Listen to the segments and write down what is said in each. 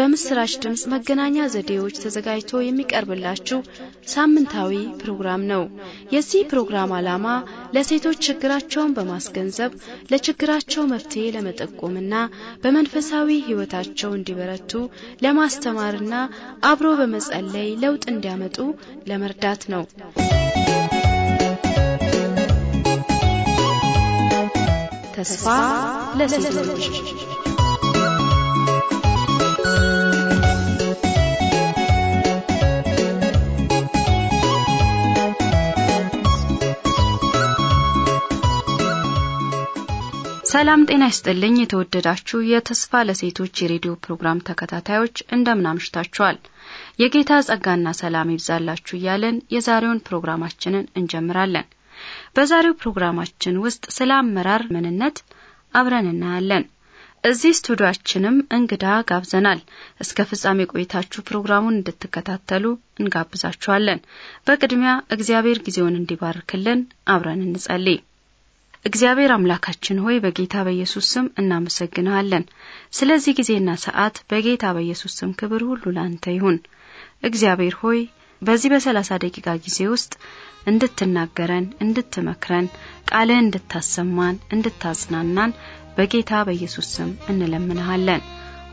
በምስራች ድምፅ መገናኛ ዘዴዎች ተዘጋጅቶ የሚቀርብላችሁ ሳምንታዊ ፕሮግራም ነው። የዚህ ፕሮግራም ዓላማ ለሴቶች ችግራቸውን በማስገንዘብ ለችግራቸው መፍትሄ ለመጠቆምና በመንፈሳዊ ህይወታቸው እንዲበረቱ ለማስተማርና አብሮ በመጸለይ ለውጥ እንዲያመጡ ለመርዳት ነው። ተስፋ ለሴቶች ሰላም ጤና ይስጥልኝ። የተወደዳችሁ የተስፋ ለሴቶች የሬዲዮ ፕሮግራም ተከታታዮች እንደምን አምሽታችኋል? የጌታ ጸጋና ሰላም ይብዛላችሁ እያለን የዛሬውን ፕሮግራማችንን እንጀምራለን። በዛሬው ፕሮግራማችን ውስጥ ስለ አመራር ምንነት አብረን እናያለን። እዚህ ስቱዲያችንም እንግዳ ጋብዘናል። እስከ ፍጻሜ ቆይታችሁ ፕሮግራሙን እንድትከታተሉ እንጋብዛችኋለን። በቅድሚያ እግዚአብሔር ጊዜውን እንዲባርክልን አብረን እንጸልይ። እግዚአብሔር አምላካችን ሆይ በጌታ በኢየሱስ ስም እናመሰግንሃለን። ስለዚህ ጊዜና ሰዓት በጌታ በኢየሱስ ስም ክብር ሁሉ ላንተ ይሁን። እግዚአብሔር ሆይ በዚህ በሰላሳ ደቂቃ ጊዜ ውስጥ እንድትናገረን፣ እንድትመክረን፣ ቃልህ እንድታሰማን፣ እንድታጽናናን በጌታ በኢየሱስ ስም እንለምንሃለን።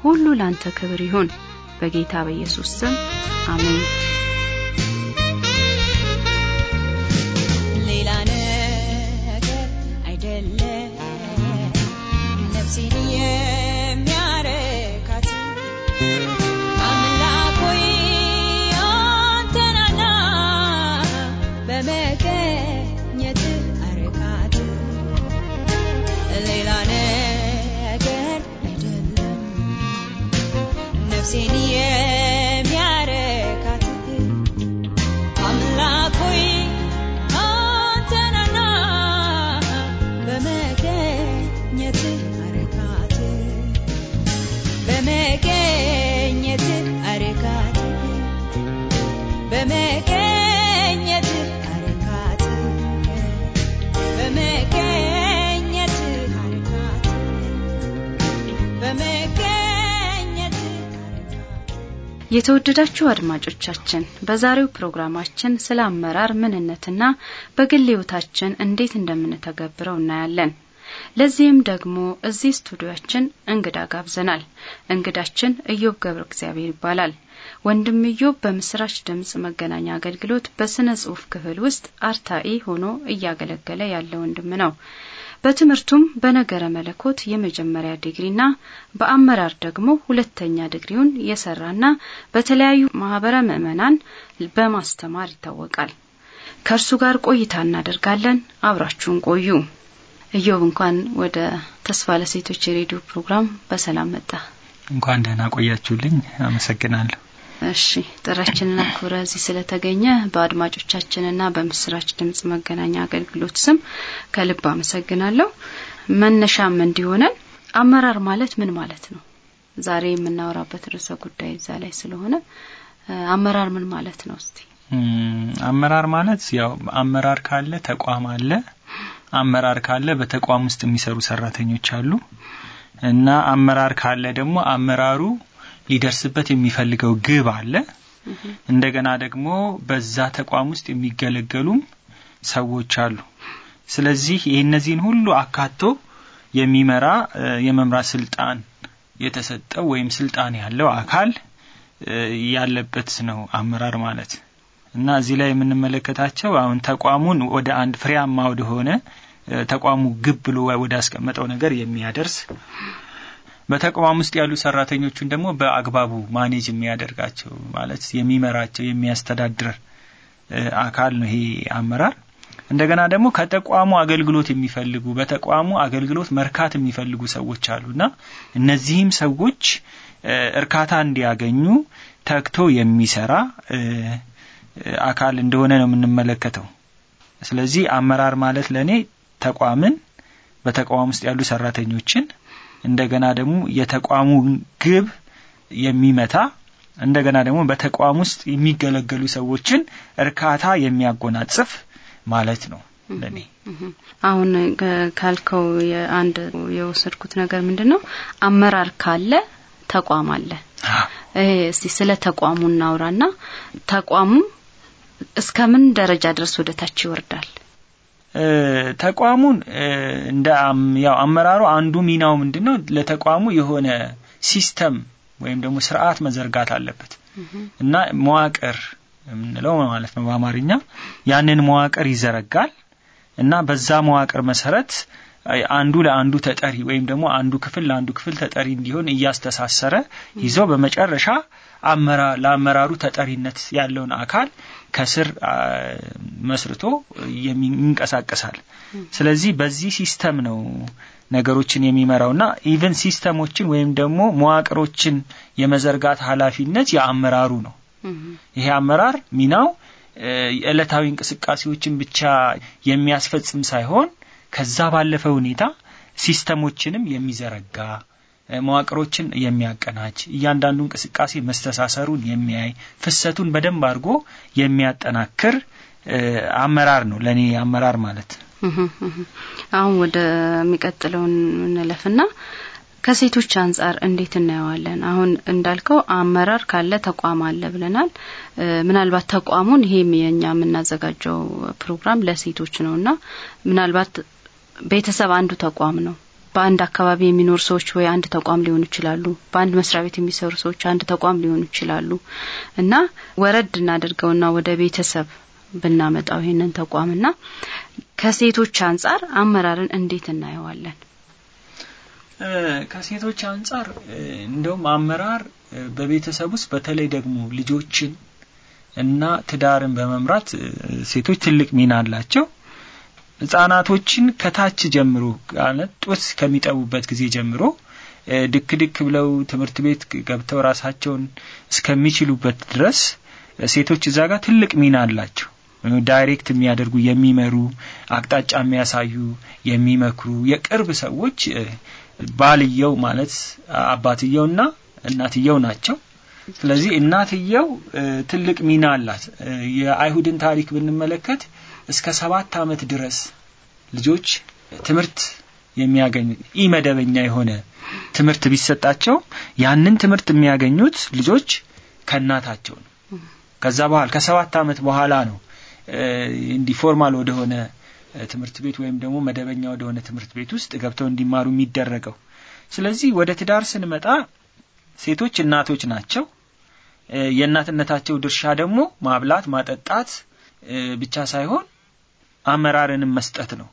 ሁሉ ላንተ ክብር ይሁን። በጌታ በኢየሱስ ስም አሜን። see የተወደዳችሁ አድማጮቻችን በዛሬው ፕሮግራማችን ስለ አመራር ምንነትና በግል ህይወታችን እንዴት እንደምንተገብረው እናያለን። ለዚህም ደግሞ እዚህ ስቱዲዮችን እንግዳ ጋብዘናል። እንግዳችን ኢዮብ ገብረ እግዚአብሔር ይባላል። ወንድም ኢዮብ በምስራች ድምጽ መገናኛ አገልግሎት በስነ ጽሁፍ ክፍል ውስጥ አርታኢ ሆኖ እያገለገለ ያለ ወንድም ነው። በትምህርቱም በነገረ መለኮት የመጀመሪያ ዲግሪና በአመራር ደግሞ ሁለተኛ ዲግሪውን የሰራና በተለያዩ ማህበረ ምዕመናን በማስተማር ይታወቃል። ከእርሱ ጋር ቆይታ እናደርጋለን። አብራችሁን ቆዩ። እዮብ እንኳን ወደ ተስፋ ለሴቶች የሬዲዮ ፕሮግራም በሰላም መጣ። እንኳን ደህና ቆያችሁልኝ። አመሰግናለሁ። እሺ ጥራችንን አክብረ እዚህ ስለተገኘ በአድማጮቻችንና በምስራች ድምጽ መገናኛ አገልግሎት ስም ከልብ አመሰግናለሁ። መነሻም እንዲሆነን አመራር ማለት ምን ማለት ነው? ዛሬ የምናወራበት ርዕሰ ጉዳይ እዛ ላይ ስለሆነ አመራር ምን ማለት ነው? እስቲ አመራር ማለት ያው አመራር ካለ ተቋም አለ። አመራር ካለ በተቋም ውስጥ የሚሰሩ ሰራተኞች አሉ እና አመራር ካለ ደግሞ አመራሩ ሊደርስበት የሚፈልገው ግብ አለ። እንደገና ደግሞ በዛ ተቋም ውስጥ የሚገለገሉም ሰዎች አሉ። ስለዚህ እነዚህን ሁሉ አካቶ የሚመራ የመምራት ስልጣን የተሰጠው ወይም ስልጣን ያለው አካል ያለበት ነው አመራር ማለት እና እዚህ ላይ የምንመለከታቸው አሁን ተቋሙን ወደ አንድ ፍሬያማ ወደሆነ ተቋሙ ግብ ብሎ ወደ አስቀመጠው ነገር የሚያደርስ በተቋም ውስጥ ያሉ ሰራተኞቹን ደግሞ በአግባቡ ማኔጅ የሚያደርጋቸው ማለት የሚመራቸው የሚያስተዳድር አካል ነው ይሄ አመራር። እንደገና ደግሞ ከተቋሙ አገልግሎት የሚፈልጉ በተቋሙ አገልግሎት መርካት የሚፈልጉ ሰዎች አሉና እነዚህም ሰዎች እርካታ እንዲያገኙ ተግቶ የሚሰራ አካል እንደሆነ ነው የምንመለከተው። ስለዚህ አመራር ማለት ለእኔ ተቋምን በተቋም ውስጥ ያሉ ሰራተኞችን እንደገና ደግሞ የተቋሙን ግብ የሚመታ እንደገና ደግሞ በተቋም ውስጥ የሚገለገሉ ሰዎችን እርካታ የሚያጎናጽፍ ማለት ነው ለእኔ አሁን ካልከው የአንድ የወሰድኩት ነገር ምንድን ነው አመራር ካለ ተቋም አለ እስቲ ስለ ተቋሙ እናውራና ተቋሙ እስከምን ደረጃ ድረስ ወደ ታች ይወርዳል ተቋሙን እንደ ያው አመራሩ አንዱ ሚናው ምንድነው ለተቋሙ የሆነ ሲስተም ወይም ደግሞ ስርዓት መዘርጋት አለበት እና መዋቅር የምንለው ማለት ነው በአማርኛ ያንን መዋቅር ይዘረጋል እና በዛ መዋቅር መሰረት አንዱ ለአንዱ ተጠሪ ወይም ደግሞ አንዱ ክፍል ለአንዱ ክፍል ተጠሪ እንዲሆን እያስተሳሰረ ይዞ በመጨረሻ ለአመራሩ ተጠሪነት ያለውን አካል ከስር መስርቶ ይንቀሳቀሳል። ስለዚህ በዚህ ሲስተም ነው ነገሮችን የሚመራውና ኢቨን ሲስተሞችን ወይም ደግሞ መዋቅሮችን የመዘርጋት ኃላፊነት የአመራሩ ነው። ይሄ አመራር ሚናው ዕለታዊ እንቅስቃሴዎችን ብቻ የሚያስፈጽም ሳይሆን ከዛ ባለፈ ሁኔታ ሲስተሞችንም የሚዘረጋ መዋቅሮችን የሚያቀናጅ እያንዳንዱ እንቅስቃሴ መስተሳሰሩን የሚያይ ፍሰቱን በደንብ አድርጎ የሚያጠናክር አመራር ነው ለእኔ አመራር ማለት አሁን ወደሚቀጥለውን እንለፍና ከሴቶች አንጻር እንዴት እናየዋለን? አሁን እንዳልከው አመራር ካለ ተቋም አለ ብለናል። ምናልባት ተቋሙን ይሄም የኛ የምናዘጋጀው ፕሮግራም ለሴቶች እና ምናልባት ቤተሰብ አንዱ ተቋም ነው። በአንድ አካባቢ የሚኖሩ ሰዎች ወይ አንድ ተቋም ሊሆኑ ይችላሉ። በአንድ መስሪያ ቤት የሚሰሩ ሰዎች አንድ ተቋም ሊሆኑ ይችላሉ እና ወረድ እናደርገውና ወደ ቤተሰብ ብናመጣው ይህንን ተቋምና ከሴቶች አንጻር አመራርን እንዴት እናየዋለን? ከሴቶች አንጻር እንደውም አመራር በቤተሰብ ውስጥ በተለይ ደግሞ ልጆችን እና ትዳርን በመምራት ሴቶች ትልቅ ሚና አላቸው። ህጻናቶችን ከታች ጀምሮ ማለት ጡት ከሚጠቡበት ጊዜ ጀምሮ ድክ ድክ ብለው ትምህርት ቤት ገብተው ራሳቸውን እስከሚችሉበት ድረስ ሴቶች እዛ ጋር ትልቅ ሚና አላቸው። ዳይሬክት የሚያደርጉ የሚመሩ፣ አቅጣጫ የሚያሳዩ፣ የሚመክሩ የቅርብ ሰዎች ባልየው ማለት አባትየውና እናትየው ናቸው። ስለዚህ እናትየው ትልቅ ሚና አላት። የአይሁድን ታሪክ ብንመለከት እስከ ሰባት ዓመት ድረስ ልጆች ትምህርት የሚያገኙት ኢ መደበኛ የሆነ ትምህርት ቢሰጣቸው ያንን ትምህርት የሚያገኙት ልጆች ከእናታቸው ነው። ከዛ በኋላ ከሰባት ዓመት በኋላ ነው እንዲህ ፎርማል ወደሆነ ትምህርት ቤት ወይም ደግሞ መደበኛ ወደሆነ ትምህርት ቤት ውስጥ ገብተው እንዲማሩ የሚደረገው። ስለዚህ ወደ ትዳር ስንመጣ ሴቶች እናቶች ናቸው። የእናትነታቸው ድርሻ ደግሞ ማብላት፣ ማጠጣት ብቻ ሳይሆን አመራርንም መስጠት ነው።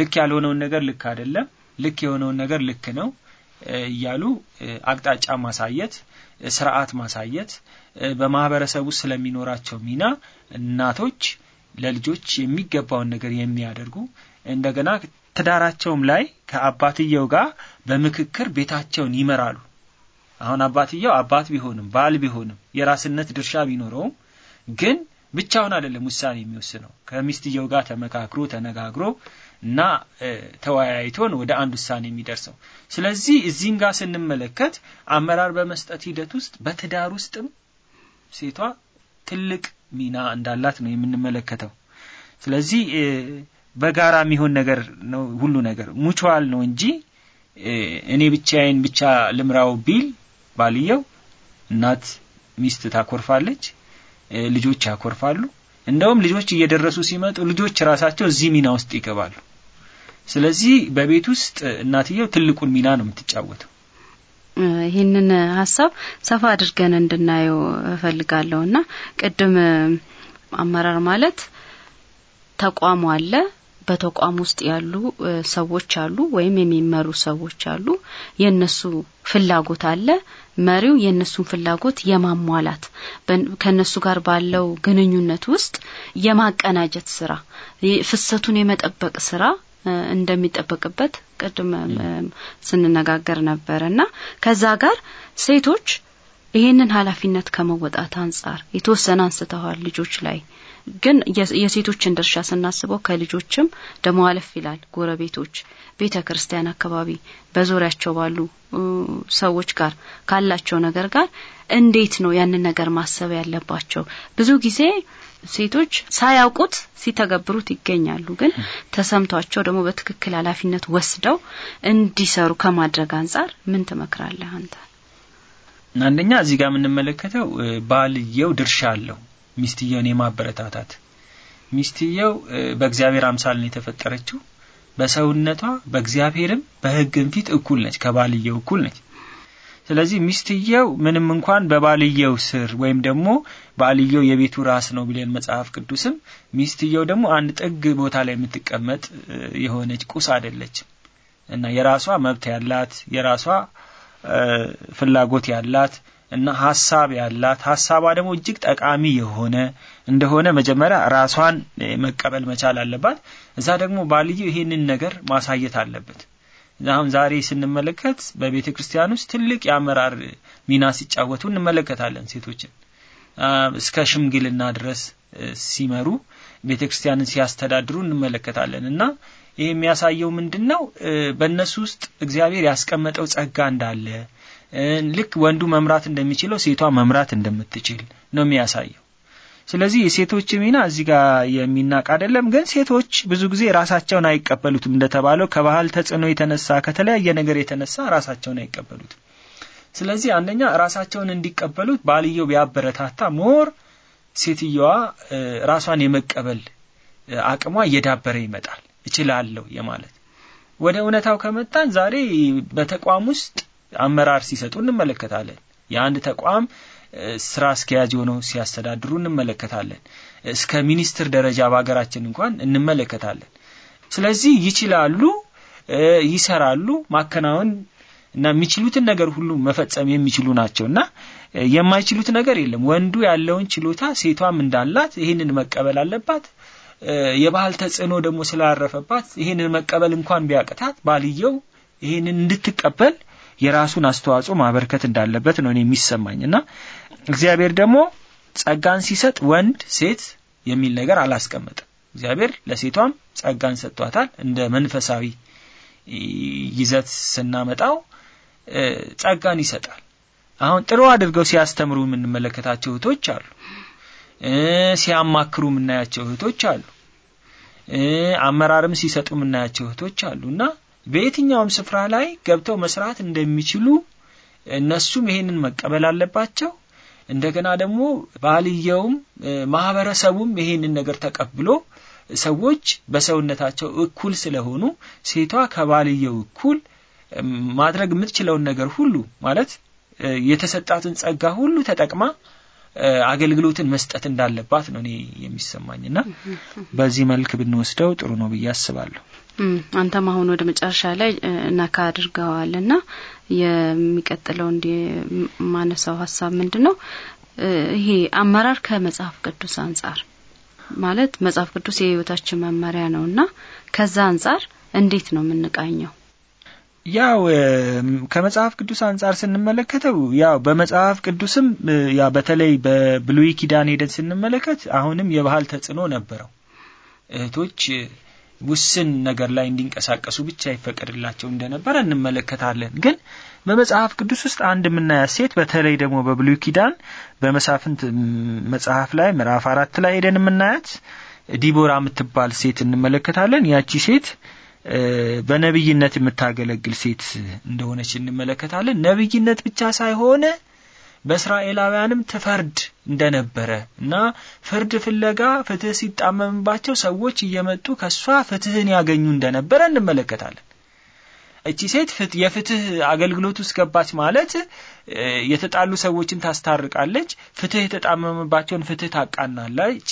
ልክ ያልሆነውን ነገር ልክ አይደለም፣ ልክ የሆነውን ነገር ልክ ነው እያሉ አቅጣጫ ማሳየት፣ ስርዓት ማሳየት፣ በማህበረሰብ ውስጥ ስለሚኖራቸው ሚና እናቶች ለልጆች የሚገባውን ነገር የሚያደርጉ እንደገና ትዳራቸውም ላይ ከአባትየው ጋር በምክክር ቤታቸውን ይመራሉ። አሁን አባትየው አባት ቢሆንም ባል ቢሆንም የራስነት ድርሻ ቢኖረውም ግን ብቻውን አይደለም ውሳኔ የሚወስነው። ከሚስትየው ጋር ተመካክሮ ተነጋግሮ እና ተወያይቶ ነው ወደ አንድ ውሳኔ የሚደርሰው። ስለዚህ እዚህን ጋር ስንመለከት አመራር በመስጠት ሂደት ውስጥ በትዳር ውስጥም ሴቷ ትልቅ ሚና እንዳላት ነው የምንመለከተው። ስለዚህ በጋራ የሚሆን ነገር ነው ሁሉ ነገር ሙቹዋል ነው እንጂ እኔ ብቻዬን ብቻ ልምራው ቢል ባልየው እናት ሚስት ታኮርፋለች፣ ልጆች ያኮርፋሉ። እንደውም ልጆች እየደረሱ ሲመጡ ልጆች ራሳቸው እዚህ ሚና ውስጥ ይገባሉ። ስለዚህ በቤት ውስጥ እናትየው ትልቁን ሚና ነው የምትጫወተው። ይህንን ሀሳብ ሰፋ አድርገን እንድናየው እፈልጋለሁ እና ቅድም አመራር ማለት ተቋሙ አለ በተቋም ውስጥ ያሉ ሰዎች አሉ ወይም የሚመሩ ሰዎች አሉ የነሱ ፍላጎት አለ መሪው የነሱን ፍላጎት የማሟላት ከነሱ ጋር ባለው ግንኙነት ውስጥ የማቀናጀት ስራ ፍሰቱን የመጠበቅ ስራ እንደሚጠበቅበት ቅድም ስንነጋገር ነበር እና ከዛ ጋር ሴቶች ይህንን ኃላፊነት ከመወጣት አንጻር የተወሰነ አንስተዋል ልጆች ላይ ግን የሴቶችን ድርሻ ስናስበው ከልጆችም ደሞ አለፍ ይላል። ጎረቤቶች፣ ቤተ ክርስቲያን አካባቢ በዙሪያቸው ባሉ ሰዎች ጋር ካላቸው ነገር ጋር እንዴት ነው ያንን ነገር ማሰብ ያለባቸው? ብዙ ጊዜ ሴቶች ሳያውቁት ሲተገብሩት ይገኛሉ። ግን ተሰምቷቸው ደግሞ በትክክል ኃላፊነት ወስደው እንዲሰሩ ከማድረግ አንጻር ምን ትመክራለህ አንተ? አንደኛ እዚህ ጋር የምንመለከተው ባልየው ድርሻ አለው ሚስትየውን የማበረታታት ሚስትየው በእግዚአብሔር አምሳል ነው የተፈጠረችው። በሰውነቷ በእግዚአብሔርም በሕግም ፊት እኩል ነች፣ ከባልየው እኩል ነች። ስለዚህ ሚስትየው ምንም እንኳን በባልየው ስር ወይም ደግሞ ባልየው የቤቱ ራስ ነው ብለን መጽሐፍ ቅዱስም ሚስትየው ደግሞ አንድ ጥግ ቦታ ላይ የምትቀመጥ የሆነች ቁስ አይደለችም እና የራሷ መብት ያላት የራሷ ፍላጎት ያላት እና ሀሳብ ያላት ሀሳቧ ደግሞ እጅግ ጠቃሚ የሆነ እንደሆነ መጀመሪያ ራሷን መቀበል መቻል አለባት። እዛ ደግሞ ባልየው ይሄንን ነገር ማሳየት አለበት። አሁን ዛሬ ስንመለከት በቤተ ክርስቲያን ውስጥ ትልቅ የአመራር ሚና ሲጫወቱ እንመለከታለን። ሴቶችን እስከ ሽምግልና ድረስ ሲመሩ ቤተ ክርስቲያንን ሲያስተዳድሩ እንመለከታለን እና ይህ የሚያሳየው ምንድን ነው? በእነሱ ውስጥ እግዚአብሔር ያስቀመጠው ጸጋ እንዳለ ልክ ወንዱ መምራት እንደሚችለው ሴቷ መምራት እንደምትችል ነው የሚያሳየው። ስለዚህ የሴቶች ሚና እዚህ ጋር የሚናቅ አይደለም። ግን ሴቶች ብዙ ጊዜ ራሳቸውን አይቀበሉትም። እንደተባለው ከባህል ተጽዕኖ የተነሳ ከተለያየ ነገር የተነሳ ራሳቸውን አይቀበሉትም። ስለዚህ አንደኛ ራሳቸውን እንዲቀበሉት ባልየው ቢያበረታታ ሞር ሴትየዋ ራሷን የመቀበል አቅሟ እየዳበረ ይመጣል። እችላለሁ የማለት ወደ እውነታው ከመጣን ዛሬ በተቋም ውስጥ አመራር ሲሰጡ እንመለከታለን። የአንድ ተቋም ስራ አስኪያጅ ሆነው ሲያስተዳድሩ እንመለከታለን። እስከ ሚኒስትር ደረጃ በሀገራችን እንኳን እንመለከታለን። ስለዚህ ይችላሉ፣ ይሰራሉ፣ ማከናወን እና የሚችሉትን ነገር ሁሉ መፈጸም የሚችሉ ናቸው እና የማይችሉት ነገር የለም። ወንዱ ያለውን ችሎታ ሴቷም እንዳላት ይህንን መቀበል አለባት። የባህል ተጽዕኖ ደግሞ ስላረፈባት ይህንን መቀበል እንኳን ቢያቅታት ባልየው ይህንን እንድትቀበል የራሱን አስተዋጽኦ ማበርከት እንዳለበት ነው እኔ የሚሰማኝ እና እግዚአብሔር ደግሞ ጸጋን ሲሰጥ ወንድ ሴት የሚል ነገር አላስቀመጥም። እግዚአብሔር ለሴቷም ጸጋን ሰጥቷታል። እንደ መንፈሳዊ ይዘት ስናመጣው ጸጋን ይሰጣል። አሁን ጥሩ አድርገው ሲያስተምሩ የምንመለከታቸው እህቶች አሉ። ሲያማክሩ የምናያቸው እህቶች አሉ። አመራርም ሲሰጡ የምናያቸው እህቶች አሉ እና በየትኛውም ስፍራ ላይ ገብተው መስራት እንደሚችሉ እነሱም ይሄንን መቀበል አለባቸው። እንደገና ደግሞ ባልየውም ማህበረሰቡም ይሄንን ነገር ተቀብሎ ሰዎች በሰውነታቸው እኩል ስለሆኑ ሴቷ ከባልየው እኩል ማድረግ የምትችለውን ነገር ሁሉ ማለት የተሰጣትን ጸጋ ሁሉ ተጠቅማ አገልግሎትን መስጠት እንዳለባት ነው እኔ የሚሰማኝ እና በዚህ መልክ ብንወስደው ጥሩ ነው ብዬ አስባለሁ። አንተም አሁን ወደ መጨረሻ ላይ ነካ አድርገዋል እና የሚቀጥለው እንዲ ማነሳው ሀሳብ ምንድን ነው ይሄ አመራር ከመጽሐፍ ቅዱስ አንጻር ማለት መጽሐፍ ቅዱስ የህይወታችን መመሪያ ነው እና ከዛ አንጻር እንዴት ነው የምንቃኘው? ያው ከመጽሐፍ ቅዱስ አንጻር ስንመለከተው ያው በመጽሐፍ ቅዱስም ያ በተለይ በብሉይ ኪዳን ሄደን ስንመለከት አሁንም የባህል ተጽዕኖ ነበረው። እህቶች ውስን ነገር ላይ እንዲንቀሳቀሱ ብቻ ይፈቀድላቸው እንደነበረ እንመለከታለን። ግን በመጽሐፍ ቅዱስ ውስጥ አንድ የምናያት ሴት በተለይ ደግሞ በብሉይ ኪዳን በመሳፍንት መጽሐፍ ላይ ምዕራፍ አራት ላይ ሄደን የምናያት ዲቦራ የምትባል ሴት እንመለከታለን። ያቺ ሴት በነቢይነት የምታገለግል ሴት እንደሆነች እንመለከታለን። ነቢይነት ብቻ ሳይሆን በእስራኤላውያንም ትፈርድ እንደነበረ እና ፍርድ ፍለጋ ፍትህ ሲጣመምባቸው ሰዎች እየመጡ ከእሷ ፍትህን ያገኙ እንደነበረ እንመለከታለን። እቺ ሴት የፍትህ አገልግሎት ውስጥ ገባች ማለት የተጣሉ ሰዎችን ታስታርቃለች፣ ፍትህ የተጣመመባቸውን ፍትህ ታቃናለች፣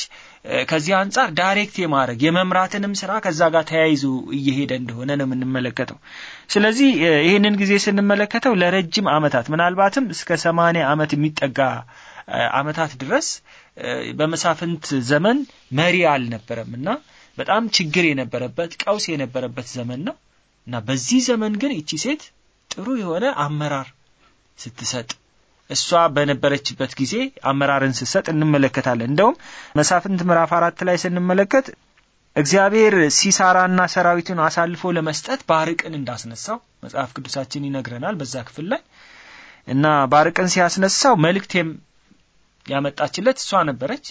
ከዚህ አንጻር ዳይሬክት የማድረግ የመምራትንም ስራ ከዛ ጋር ተያይዞ እየሄደ እንደሆነ ነው የምንመለከተው። ስለዚህ ይህንን ጊዜ ስንመለከተው ለረጅም አመታት ምናልባትም እስከ ሰማኒያ ዓመት የሚጠጋ አመታት ድረስ በመሳፍንት ዘመን መሪ አልነበረም እና በጣም ችግር የነበረበት ቀውስ የነበረበት ዘመን ነው እና በዚህ ዘመን ግን ይቺ ሴት ጥሩ የሆነ አመራር ስትሰጥ እሷ በነበረችበት ጊዜ አመራርን ስትሰጥ እንመለከታለን። እንደውም መሳፍንት ምዕራፍ አራት ላይ ስንመለከት እግዚአብሔር ሲሳራና ሰራዊቱን አሳልፎ ለመስጠት ባርቅን እንዳስነሳው መጽሐፍ ቅዱሳችን ይነግረናል በዛ ክፍል ላይ እና ባርቅን ሲያስነሳው መልእክቴም ያመጣችለት እሷ ነበረች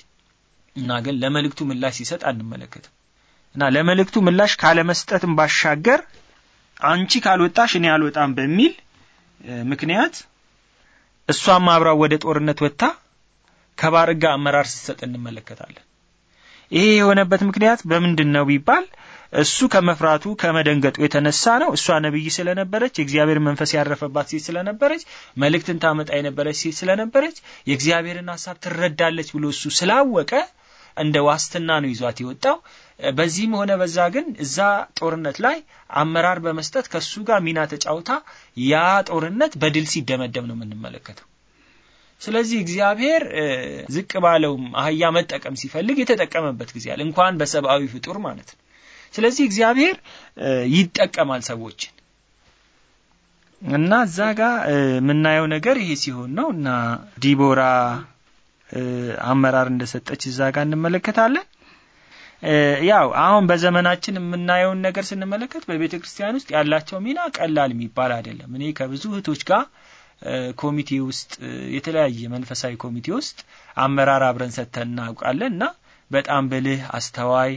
እና ግን ለመልእክቱ ምላሽ ሲሰጥ አንመለከትም እና ለመልእክቱ ምላሽ ካለመስጠትም ባሻገር አንቺ ካልወጣሽ እኔ አልወጣም በሚል ምክንያት እሷም አብራው ወደ ጦርነት ወጥታ ከባርጋ አመራር ስትሰጥ እንመለከታለን። ይሄ የሆነበት ምክንያት በምንድን ነው ቢባል እሱ ከመፍራቱ ከመደንገጡ የተነሳ ነው። እሷ ነቢይ ስለነበረች የእግዚአብሔር መንፈስ ያረፈባት ሴት ስለነበረች መልእክትን ታመጣ የነበረች ሴት ስለነበረች የእግዚአብሔርን ሐሳብ ትረዳለች ብሎ እሱ ስላወቀ እንደ ዋስትና ነው ይዟት የወጣው። በዚህም ሆነ በዛ ግን እዛ ጦርነት ላይ አመራር በመስጠት ከሱ ጋር ሚና ተጫውታ ያ ጦርነት በድል ሲደመደም ነው የምንመለከተው። ስለዚህ እግዚአብሔር ዝቅ ባለውም አህያ መጠቀም ሲፈልግ የተጠቀመበት ጊዜ አለ፣ እንኳን በሰብአዊ ፍጡር ማለት ነው። ስለዚህ እግዚአብሔር ይጠቀማል ሰዎችን እና እዛ ጋር የምናየው ነገር ይሄ ሲሆን ነው እና ዲቦራ አመራር እንደሰጠች እዛ ጋር እንመለከታለን። ያው አሁን በዘመናችን የምናየውን ነገር ስንመለከት በቤተ ክርስቲያን ውስጥ ያላቸው ሚና ቀላል የሚባል አይደለም። እኔ ከብዙ እህቶች ጋር ኮሚቴ ውስጥ የተለያየ መንፈሳዊ ኮሚቴ ውስጥ አመራር አብረን ሰጥተን እናውቃለን እና በጣም ብልህ አስተዋይ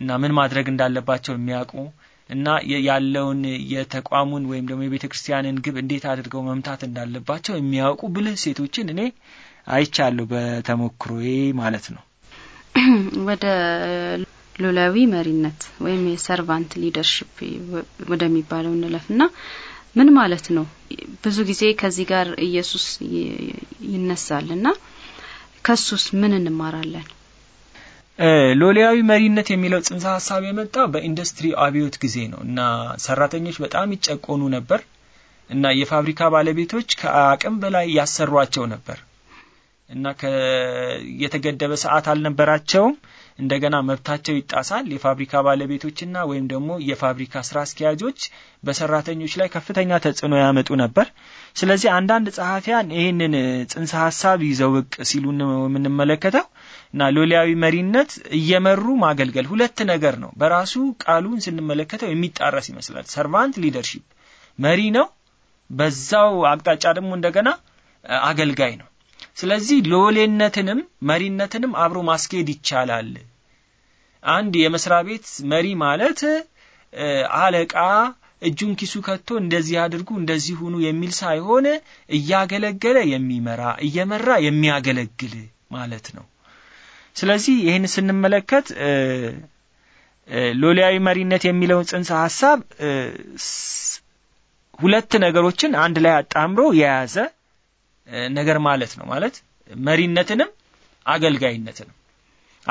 እና ምን ማድረግ እንዳለባቸው የሚያውቁ እና ያለውን የተቋሙን ወይም ደግሞ የቤተ ክርስቲያንን ግብ እንዴት አድርገው መምታት እንዳለባቸው የሚያውቁ ብልህ ሴቶችን እኔ አይቻለሁ በተሞክሮዬ ማለት ነው። ወደ ሉላዊ መሪነት ወይም የሰርቫንት ሊደርሽፕ ወደሚባለው እንለፍና ምን ማለት ነው? ብዙ ጊዜ ከዚህ ጋር ኢየሱስ ይነሳልና ከሱስ ምን እንማራለን? ሎሊያዊ መሪነት የሚለው ጽንሰ ሀሳብ የመጣ በኢንዱስትሪ አብዮት ጊዜ ነው እና ሰራተኞች በጣም ይጨቆኑ ነበር እና የፋብሪካ ባለቤቶች ከአቅም በላይ ያሰሯቸው ነበር እና የተገደበ ሰዓት አልነበራቸውም። እንደገና መብታቸው ይጣሳል። የፋብሪካ ባለቤቶችና ወይም ደግሞ የፋብሪካ ስራ አስኪያጆች በሰራተኞች ላይ ከፍተኛ ተጽዕኖ ያመጡ ነበር። ስለዚህ አንዳንድ ጸሐፊያን ይህንን ጽንሰ ሀሳብ ይዘው ብቅ ሲሉ ነው የምንመለከተው እና ሎሊያዊ መሪነት እየመሩ ማገልገል ሁለት ነገር ነው። በራሱ ቃሉን ስንመለከተው የሚጣረስ ይመስላል። ሰርቫንት ሊደርሺፕ መሪ ነው፣ በዛው አቅጣጫ ደግሞ እንደገና አገልጋይ ነው። ስለዚህ ሎሌነትንም መሪነትንም አብሮ ማስኬድ ይቻላል አንድ የመስሪያ ቤት መሪ ማለት አለቃ እጁን ኪሱ ከቶ እንደዚህ አድርጉ እንደዚህ ሁኑ የሚል ሳይሆን እያገለገለ የሚመራ እየመራ የሚያገለግል ማለት ነው። ስለዚህ ይህን ስንመለከት ሎሊያዊ መሪነት የሚለውን ጽንሰ ሀሳብ ሁለት ነገሮችን አንድ ላይ አጣምሮ የያዘ ነገር ማለት ነው። ማለት መሪነትንም አገልጋይነትንም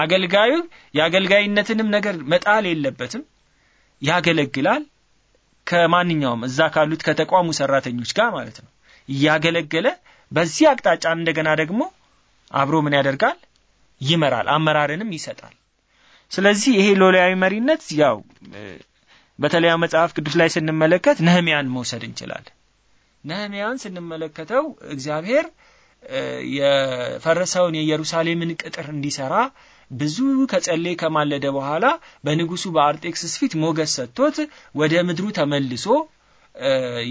አገልጋዩ የአገልጋይነትንም ነገር መጣል የለበትም። ያገለግላል ከማንኛውም እዛ ካሉት ከተቋሙ ሰራተኞች ጋር ማለት ነው እያገለገለ በዚህ አቅጣጫ እንደገና ደግሞ አብሮ ምን ያደርጋል ይመራል አመራርንም ይሰጣል ስለዚህ ይሄ ሎላዊ መሪነት ያው በተለያ መጽሐፍ ቅዱስ ላይ ስንመለከት ነህሚያን መውሰድ እንችላለን ነህሚያን ስንመለከተው እግዚአብሔር የፈረሰውን የኢየሩሳሌምን ቅጥር እንዲሰራ ብዙ ከጸሌ ከማለደ በኋላ በንጉሱ በአርጤክስስ ፊት ሞገስ ሰጥቶት ወደ ምድሩ ተመልሶ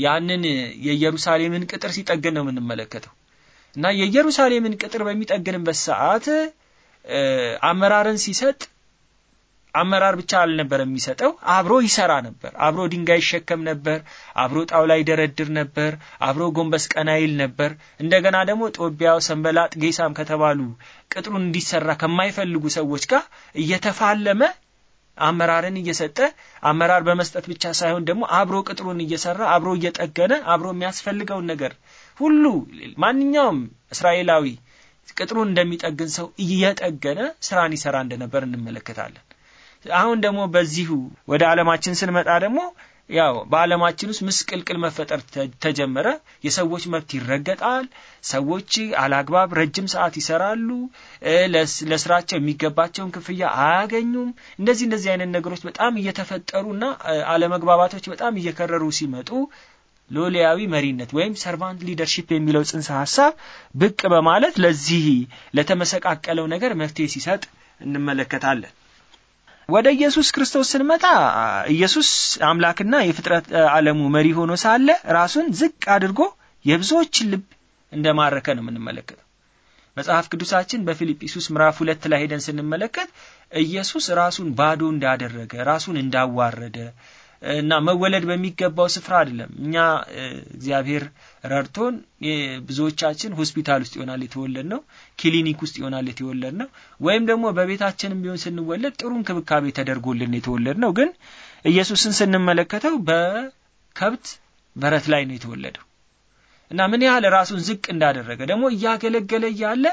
ያንን የኢየሩሳሌምን ቅጥር ሲጠግን ነው የምንመለከተው እና የኢየሩሳሌምን ቅጥር በሚጠግንበት ሰዓት አመራርን ሲሰጥ አመራር ብቻ አልነበር የሚሰጠው፣ አብሮ ይሰራ ነበር። አብሮ ድንጋይ ይሸከም ነበር። አብሮ ጣውላ ይደረድር ነበር። አብሮ ጎንበስ ቀና ይል ነበር። እንደገና ደግሞ ጦቢያው፣ ሰንበላጥ፣ ጌሳም ከተባሉ ቅጥሩን እንዲሰራ ከማይፈልጉ ሰዎች ጋር እየተፋለመ አመራርን እየሰጠ አመራር በመስጠት ብቻ ሳይሆን ደግሞ አብሮ ቅጥሩን እየሰራ አብሮ እየጠገነ አብሮ የሚያስፈልገውን ነገር ሁሉ ማንኛውም እስራኤላዊ ቅጥሩን እንደሚጠግን ሰው እየጠገነ ስራን ይሰራ እንደነበር እንመለከታለን። አሁን ደግሞ በዚሁ ወደ ዓለማችን ስንመጣ ደግሞ ያው በዓለማችን ውስጥ ምስቅልቅል መፈጠር ተጀመረ። የሰዎች መብት ይረገጣል። ሰዎች አላግባብ ረጅም ሰዓት ይሰራሉ። ለስራቸው የሚገባቸውን ክፍያ አያገኙም። እንደዚህ እንደዚህ አይነት ነገሮች በጣም እና አለመግባባቶች በጣም እየከረሩ ሲመጡ ሎሊያዊ መሪነት ወይም ሰርቫንት ሊደርሺፕ የሚለው ጽንሰ ሀሳብ ብቅ በማለት ለዚህ ለተመሰቃቀለው ነገር መፍትሄ ሲሰጥ እንመለከታለን። ወደ ኢየሱስ ክርስቶስ ስንመጣ ኢየሱስ አምላክና የፍጥረት ዓለሙ መሪ ሆኖ ሳለ ራሱን ዝቅ አድርጎ የብዙዎችን ልብ እንደማረከ ነው የምንመለከተው። መጽሐፍ ቅዱሳችን በፊልጵስዩስ ምራፍ ሁለት ላይ ሄደን ስንመለከት ኢየሱስ ራሱን ባዶ እንዳደረገ ራሱን እንዳዋረደ እና መወለድ በሚገባው ስፍራ አይደለም። እኛ እግዚአብሔር ረድቶን ብዙዎቻችን ሆስፒታል ውስጥ ይሆናል የተወለድ ነው፣ ክሊኒክ ውስጥ ይሆናል የተወለድ ነው፣ ወይም ደግሞ በቤታችንም ቢሆን ስንወለድ ጥሩ እንክብካቤ ተደርጎልን የተወለድ ነው። ግን ኢየሱስን ስንመለከተው በከብት በረት ላይ ነው የተወለደው እና ምን ያህል ራሱን ዝቅ እንዳደረገ ደግሞ እያገለገለ እያለ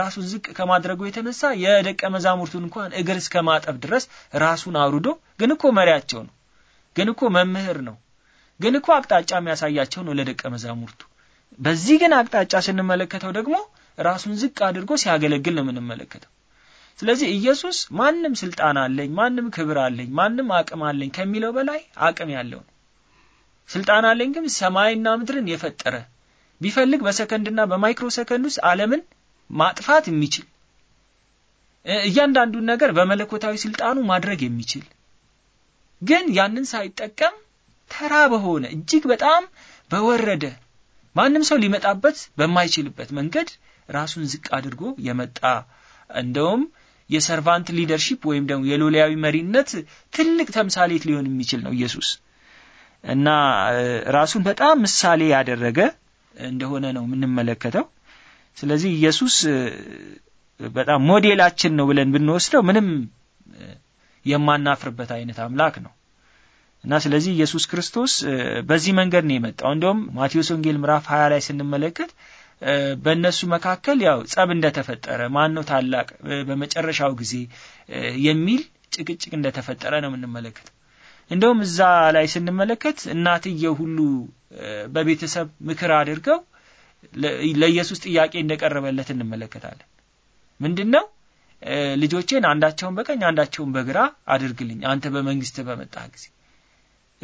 ራሱን ዝቅ ከማድረጉ የተነሳ የደቀ መዛሙርቱን እንኳን እግር እስከ ማጠብ ድረስ ራሱን አውርዶ ግን እኮ መሪያቸው ነው፣ ግን እኮ መምህር ነው፣ ግን እኮ አቅጣጫ የሚያሳያቸው ነው ለደቀ መዛሙርቱ። በዚህ ግን አቅጣጫ ስንመለከተው ደግሞ ራሱን ዝቅ አድርጎ ሲያገለግል ነው የምንመለከተው። ስለዚህ ኢየሱስ ማንም ስልጣን አለኝ፣ ማንም ክብር አለኝ፣ ማንም አቅም አለኝ ከሚለው በላይ አቅም ያለው ነው። ስልጣን አለኝ ግን ሰማይና ምድርን የፈጠረ ቢፈልግ በሰከንድና በማይክሮ ሰከንድ ውስጥ አለምን? ማጥፋት የሚችል እያንዳንዱን ነገር በመለኮታዊ ስልጣኑ ማድረግ የሚችል ግን ያንን ሳይጠቀም ተራ በሆነ እጅግ በጣም በወረደ ማንም ሰው ሊመጣበት በማይችልበት መንገድ ራሱን ዝቅ አድርጎ የመጣ እንደውም የሰርቫንት ሊደርሺፕ ወይም ደግሞ የሎሊያዊ መሪነት ትልቅ ተምሳሌት ሊሆን የሚችል ነው ኢየሱስ እና ራሱን በጣም ምሳሌ ያደረገ እንደሆነ ነው የምንመለከተው። ስለዚህ ኢየሱስ በጣም ሞዴላችን ነው ብለን ብንወስደው ምንም የማናፍርበት አይነት አምላክ ነው እና ስለዚህ ኢየሱስ ክርስቶስ በዚህ መንገድ ነው የመጣው እንዲሁም ማቴዎስ ወንጌል ምዕራፍ 20 ላይ ስንመለከት በእነሱ መካከል ያው ጸብ እንደተፈጠረ ማን ነው ታላቅ በመጨረሻው ጊዜ የሚል ጭቅጭቅ እንደተፈጠረ ነው የምንመለከተው እንደውም እዛ ላይ ስንመለከት እናትየው ሁሉ በቤተሰብ ምክር አድርገው ለኢየሱስ ጥያቄ እንደቀረበለት እንመለከታለን። ምንድን ነው? ልጆቼን አንዳቸውን በቀኝ አንዳቸውን በግራ አድርግልኝ አንተ በመንግስት በመጣ ጊዜ።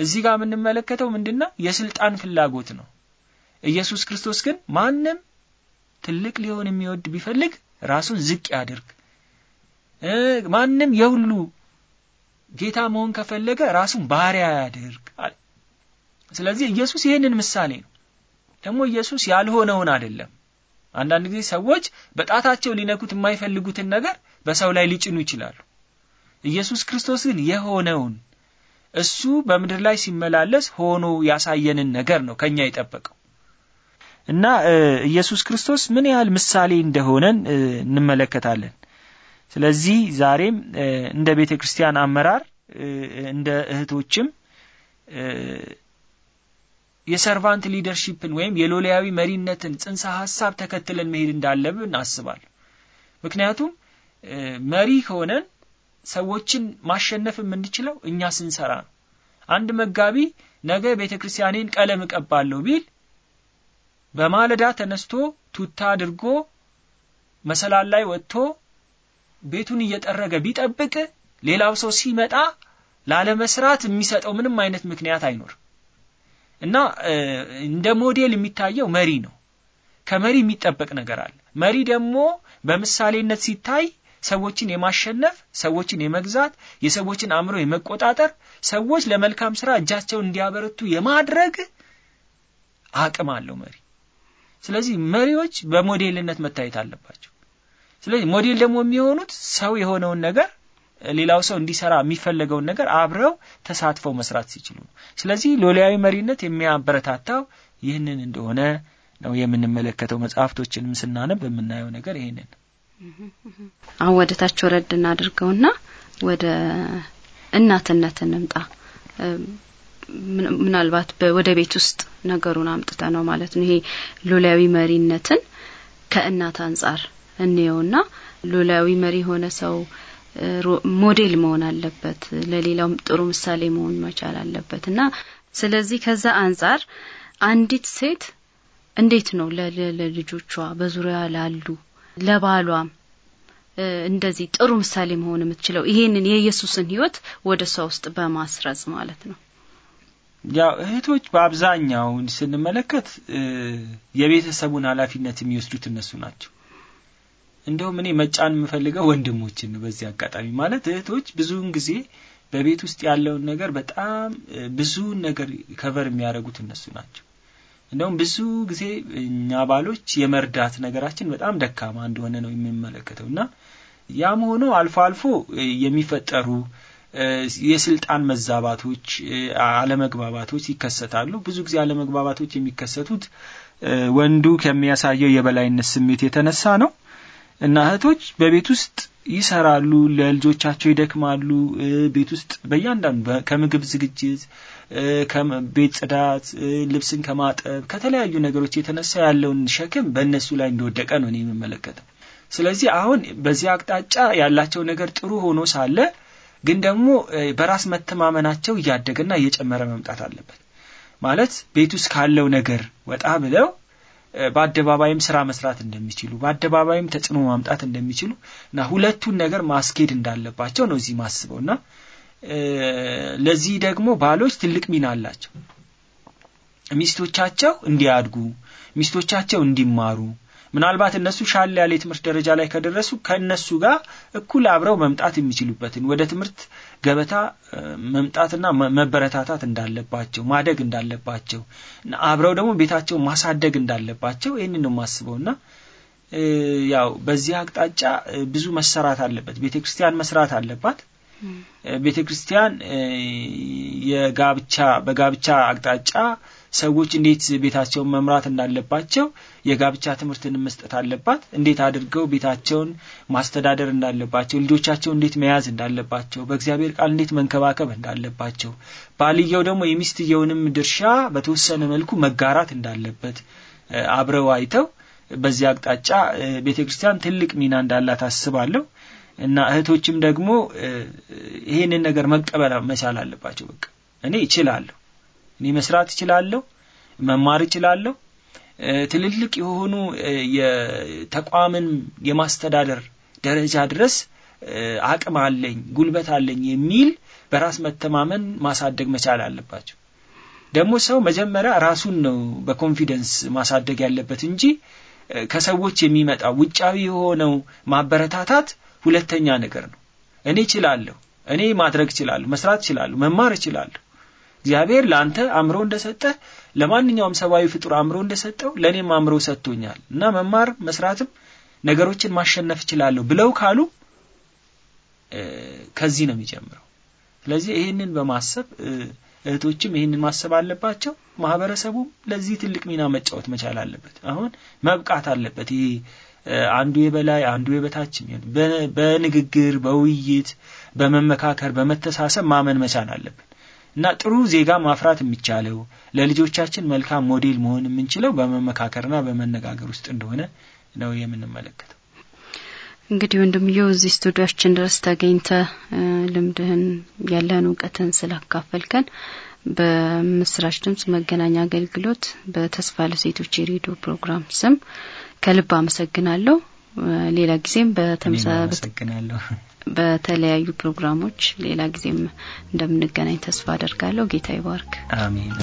እዚህ ጋር የምንመለከተው ምንድን ነው? የስልጣን ፍላጎት ነው። ኢየሱስ ክርስቶስ ግን ማንም ትልቅ ሊሆን የሚወድ ቢፈልግ ራሱን ዝቅ ያድርግ። ማንም የሁሉ ጌታ መሆን ከፈለገ ራሱን ባሪያ ያድርግ አለ። ስለዚህ ኢየሱስ ይህንን ምሳሌ ነው ደግሞ ኢየሱስ ያልሆነውን አይደለም። አንዳንድ ጊዜ ሰዎች በጣታቸው ሊነኩት የማይፈልጉትን ነገር በሰው ላይ ሊጭኑ ይችላሉ። ኢየሱስ ክርስቶስ ግን የሆነውን እሱ በምድር ላይ ሲመላለስ ሆኖ ያሳየንን ነገር ነው ከኛ የጠበቀው እና ኢየሱስ ክርስቶስ ምን ያህል ምሳሌ እንደሆነን እንመለከታለን። ስለዚህ ዛሬም እንደ ቤተ ክርስቲያን አመራር እንደ እህቶችም የሰርቫንት ሊደርሺፕን ወይም የሎሊያዊ መሪነትን ጽንሰ ሀሳብ ተከትለን መሄድ እንዳለብን አስባል ምክንያቱም መሪ ከሆነን ሰዎችን ማሸነፍ የምንችለው እኛ ስንሰራ ነው አንድ መጋቢ ነገ ቤተ ክርስቲያኔን ቀለም እቀባለሁ ቢል በማለዳ ተነስቶ ቱታ አድርጎ መሰላል ላይ ወጥቶ ቤቱን እየጠረገ ቢጠብቅ ሌላው ሰው ሲመጣ ላለመስራት የሚሰጠው ምንም አይነት ምክንያት አይኖርም እና እንደ ሞዴል የሚታየው መሪ ነው። ከመሪ የሚጠበቅ ነገር አለ። መሪ ደግሞ በምሳሌነት ሲታይ ሰዎችን የማሸነፍ ሰዎችን የመግዛት የሰዎችን አእምሮ የመቆጣጠር ሰዎች ለመልካም ስራ እጃቸውን እንዲያበረቱ የማድረግ አቅም አለው መሪ። ስለዚህ መሪዎች በሞዴልነት መታየት አለባቸው። ስለዚህ ሞዴል ደግሞ የሚሆኑት ሰው የሆነውን ነገር ሌላው ሰው እንዲሰራ የሚፈለገውን ነገር አብረው ተሳትፈው መስራት ሲችሉ ስለዚህ ሎሊያዊ መሪነት የሚያበረታታው ይህንን እንደሆነ ነው የምንመለከተው። መጽሐፍቶችንም ስናነብ በምናየው ነገር ይህንን አሁን ወደ ታች ወረድ እናድርገውና ወደ እናትነት እንምጣ። ምናልባት ወደ ቤት ውስጥ ነገሩን አምጥተ ነው ማለት ነው። ይሄ ሎሊያዊ መሪነትን ከእናት አንጻር እንየውና ሎሊያዊ መሪ የሆነ ሰው ሞዴል መሆን አለበት፣ ለሌላውም ጥሩ ምሳሌ መሆን መቻል አለበት እና ስለዚህ ከዛ አንጻር አንዲት ሴት እንዴት ነው ለልጆቿ በዙሪያ ላሉ ለባሏም እንደዚህ ጥሩ ምሳሌ መሆን የምትችለው ይሄንን የኢየሱስን ሕይወት ወደ እሷ ውስጥ በማስረጽ ማለት ነው። ያው እህቶች በአብዛኛው ስንመለከት የቤተሰቡን ኃላፊነት የሚወስዱት እነሱ ናቸው። እንደውም እኔ መጫን የምፈልገው ወንድሞችን ነው። በዚህ አጋጣሚ ማለት እህቶች ብዙውን ጊዜ በቤት ውስጥ ያለውን ነገር በጣም ብዙውን ነገር ከቨር የሚያደርጉት እነሱ ናቸው። እንደውም ብዙ ጊዜ እኛ ባሎች የመርዳት ነገራችን በጣም ደካማ እንደሆነ ነው የምንመለከተው እና ያም ሆኖ አልፎ አልፎ የሚፈጠሩ የስልጣን መዛባቶች፣ አለመግባባቶች ይከሰታሉ። ብዙ ጊዜ አለመግባባቶች የሚከሰቱት ወንዱ ከሚያሳየው የበላይነት ስሜት የተነሳ ነው። እና እህቶች በቤት ውስጥ ይሰራሉ፣ ለልጆቻቸው ይደክማሉ። ቤት ውስጥ በእያንዳንዱ ከምግብ ዝግጅት፣ ቤት ጽዳት፣ ልብስን ከማጠብ ከተለያዩ ነገሮች የተነሳ ያለውን ሸክም በእነሱ ላይ እንደወደቀ ነው እኔ የምመለከተው። ስለዚህ አሁን በዚህ አቅጣጫ ያላቸው ነገር ጥሩ ሆኖ ሳለ ግን ደግሞ በራስ መተማመናቸው እያደገና እየጨመረ መምጣት አለበት። ማለት ቤት ውስጥ ካለው ነገር ወጣ ብለው በአደባባይም ስራ መስራት እንደሚችሉ በአደባባይም ተጽዕኖ ማምጣት እንደሚችሉ እና ሁለቱን ነገር ማስኬድ እንዳለባቸው ነው እዚህ ማስበው እና ለዚህ ደግሞ ባሎች ትልቅ ሚና አላቸው ሚስቶቻቸው እንዲያድጉ ሚስቶቻቸው እንዲማሩ ምናልባት እነሱ ሻል ያለ የትምህርት ደረጃ ላይ ከደረሱ ከእነሱ ጋር እኩል አብረው መምጣት የሚችሉበትን ወደ ትምህርት ገበታ መምጣትና መበረታታት እንዳለባቸው ማደግ እንዳለባቸው አብረው ደግሞ ቤታቸው ማሳደግ እንዳለባቸው ይህንን ነው የማስበውና ያው በዚህ አቅጣጫ ብዙ መሰራት አለበት። ቤተ ክርስቲያን መስራት አለባት። ቤተ ክርስቲያን የጋብቻ በጋብቻ አቅጣጫ ሰዎች እንዴት ቤታቸውን መምራት እንዳለባቸው የጋብቻ ትምህርትን መስጠት አለባት። እንዴት አድርገው ቤታቸውን ማስተዳደር እንዳለባቸው፣ ልጆቻቸው እንዴት መያዝ እንዳለባቸው፣ በእግዚአብሔር ቃል እንዴት መንከባከብ እንዳለባቸው፣ ባልየው ደግሞ የሚስትየውንም ድርሻ በተወሰነ መልኩ መጋራት እንዳለበት አብረው አይተው በዚህ አቅጣጫ ቤተ ክርስቲያን ትልቅ ሚና እንዳላት አስባለሁ። እና እህቶችም ደግሞ ይህንን ነገር መቀበል መቻል አለባቸው። በቃ እኔ ይችላለሁ እኔ መስራት እችላለሁ፣ መማር እችላለሁ። ትልልቅ የሆኑ የተቋምን የማስተዳደር ደረጃ ድረስ አቅም አለኝ፣ ጉልበት አለኝ የሚል በራስ መተማመን ማሳደግ መቻል አለባቸው። ደግሞ ሰው መጀመሪያ ራሱን ነው በኮንፊደንስ ማሳደግ ያለበት እንጂ ከሰዎች የሚመጣ ውጫዊ የሆነው ማበረታታት ሁለተኛ ነገር ነው። እኔ እችላለሁ፣ እኔ ማድረግ እችላለሁ፣ መስራት እችላለሁ፣ መማር እችላለሁ እግዚአብሔር ለአንተ አእምሮ እንደሰጠ ለማንኛውም ሰብአዊ ፍጡር አእምሮ እንደሰጠው ለእኔም አእምሮ ሰጥቶኛል እና መማር መስራትም ነገሮችን ማሸነፍ እችላለሁ ብለው ካሉ ከዚህ ነው የሚጀምረው። ስለዚህ ይህንን በማሰብ እህቶችም ይህንን ማሰብ አለባቸው። ማህበረሰቡም ለዚህ ትልቅ ሚና መጫወት መቻል አለበት። አሁን መብቃት አለበት። ይሄ አንዱ የበላይ አንዱ የበታች በንግግር፣ በውይይት፣ በመመካከር፣ በመተሳሰብ ማመን መቻል አለብን። እና ጥሩ ዜጋ ማፍራት የሚቻለው ለልጆቻችን መልካም ሞዴል መሆን የምንችለው በመመካከርና በመነጋገር ውስጥ እንደሆነ ነው የምንመለከተው። እንግዲህ ወንድምየው እዚህ ስቱዲያችን ድረስ ተገኝተ ልምድህን ያለህን እውቀትን ስላካፈልከን በምስራች ድምጽ መገናኛ አገልግሎት በተስፋ ለሴቶች የሬዲዮ ፕሮግራም ስም ከልብ አመሰግናለሁ። ሌላ ጊዜም በተመሳሳይ በተለያዩ ፕሮግራሞች ሌላ ጊዜም እንደምንገናኝ ተስፋ አደርጋለሁ። ጌታ ይባርክ። አሜን።